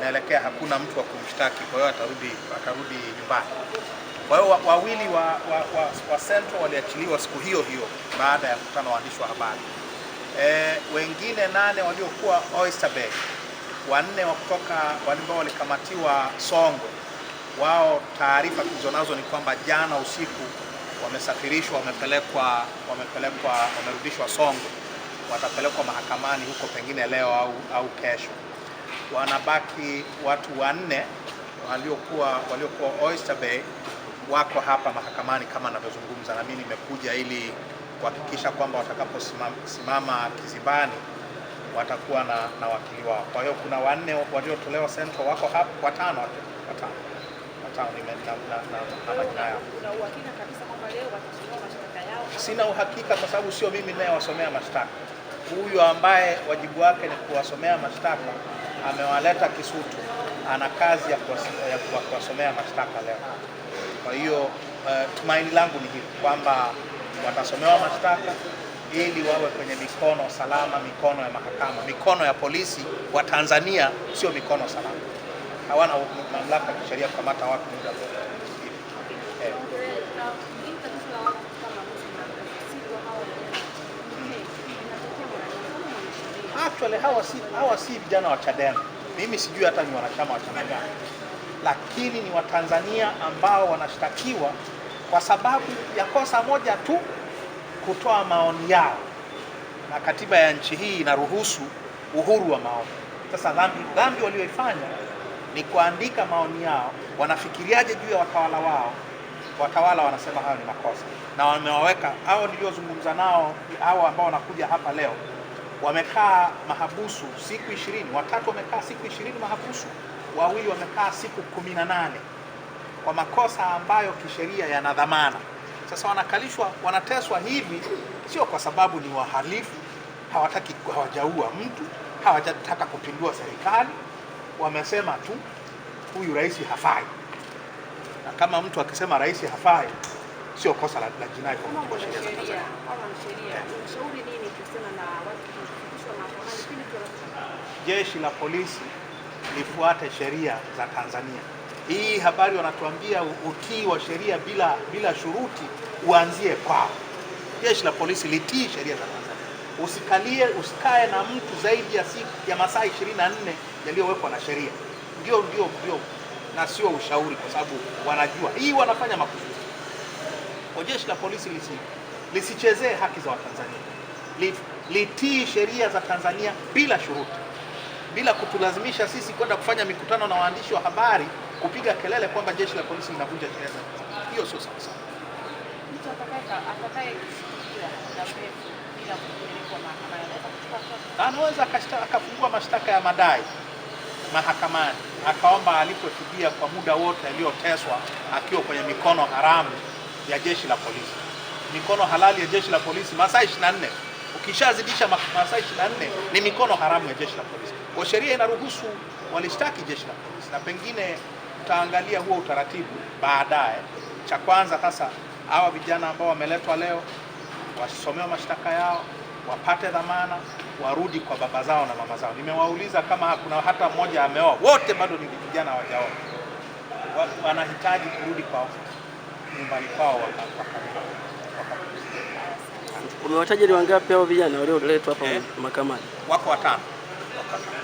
naelekea hakuna mtu wa kumshtaki, kwa hiyo atarudi atarudi nyumbani. Kwa hiyo wawili wa, wa, wa, wa Central waliachiliwa siku hiyo hiyo baada ya mkutano wa waandishi wa habari. E, wengine nane waliokuwa Oyster Bay, wanne wa kutoka ambao walikamatiwa Songwe, wao taarifa tulizonazo ni kwamba jana usiku wamesafirishwa, wamepelekwa, wamepelekwa, wamerudishwa Songwe watapelekwa mahakamani huko pengine leo au, au kesho. Wanabaki watu wanne waliokuwa waliokuwa Oyster Bay wako hapa mahakamani kama anavyozungumza, na mimi nimekuja ili kuhakikisha kwamba watakaposimama kizimbani watakuwa na, na wakili wao. Kwa hiyo kuna wanne waliotolewa sentence wako hapa, watano watano watano, yao sina uhakika kwa sababu sio mimi ninayewasomea mashtaka huyu ambaye wajibu wake ni kuwasomea mashtaka amewaleta Kisutu, ana kazi ya kuwasomea mashtaka leo. Kwa hiyo uh, tumaini langu ni hili kwamba watasomewa mashtaka ili wawe kwenye mikono salama, mikono ya mahakama, mikono ya polisi wa Tanzania, sio mikono salama. Hawana mamlaka ya kisheria kukamata watu muda wote. actually hawa si hawa si vijana wa Chadema, mimi sijui hata ni wanachama wa chama gani, lakini ni Watanzania ambao wanashtakiwa kwa sababu ya kosa moja tu, kutoa maoni yao, na katiba ya nchi hii inaruhusu uhuru wa maoni. Sasa dhambi dhambi walioifanya ni kuandika maoni yao, wanafikiriaje juu ya watawala wao. Watawala wanasema hayo ni makosa, na wamewaweka hao niliozungumza nao, hao ambao wanakuja hapa leo wamekaa mahabusu siku ishirini, watatu wamekaa siku ishirini mahabusu, wawili wamekaa siku kumi na nane kwa makosa ambayo kisheria yana dhamana. Sasa wanakalishwa, wanateswa hivi, sio kwa sababu ni wahalifu, hawataki, hawajaua mtu, hawajataka kupindua serikali, wamesema tu huyu rais hafai, na kama mtu akisema rais hafai sio kosa la, la jinai kwa mujibu wa sheria za Tanzania. Jeshi la polisi lifuate sheria za Tanzania. Hii habari wanatuambia utii wa sheria bila, bila shuruti uanzie kwao. Jeshi la polisi litii sheria za Tanzania. Usikalie, usikae na mtu zaidi ya, siku, ya masaa 24 yaliyowekwa na sheria. Ndio, ndio, ndio na sio ushauri, kwa sababu wanajua hii, wanafanya makusudi kwa jeshi la polisi lisichezee haki za Watanzania, litii sheria za Tanzania bila shuruti, bila kutulazimisha sisi kwenda kufanya mikutano na waandishi wa habari kupiga kelele kwamba jeshi la polisi linavunja sheria za Tanzania. Hiyo sio sawa sawa. Anaweza akafungua mashtaka ya madai mahakamani akaomba alipwe kwa muda wote aliyoteswa akiwa kwenye mikono haramu ya jeshi la polisi, mikono halali ya jeshi la polisi masaa 24. Ukishazidisha masaa 24 ni mikono haramu ya jeshi la polisi. Kwa sheria inaruhusu walishtaki jeshi la polisi, na pengine tutaangalia huo utaratibu baadaye. Cha kwanza sasa, hawa vijana ambao wameletwa leo wasomewe mashtaka yao, wapate dhamana, warudi kwa baba zao na mama zao. Nimewauliza kama kuna hata mmoja ameoa, wote bado ni vijana wajaoa, wanahitaji kurudi kwa nyumbani kwao waka. Umewataja ni wangapi hao vijana walioletwa hapa eh? mahakamani? Wako watano. Wako watano.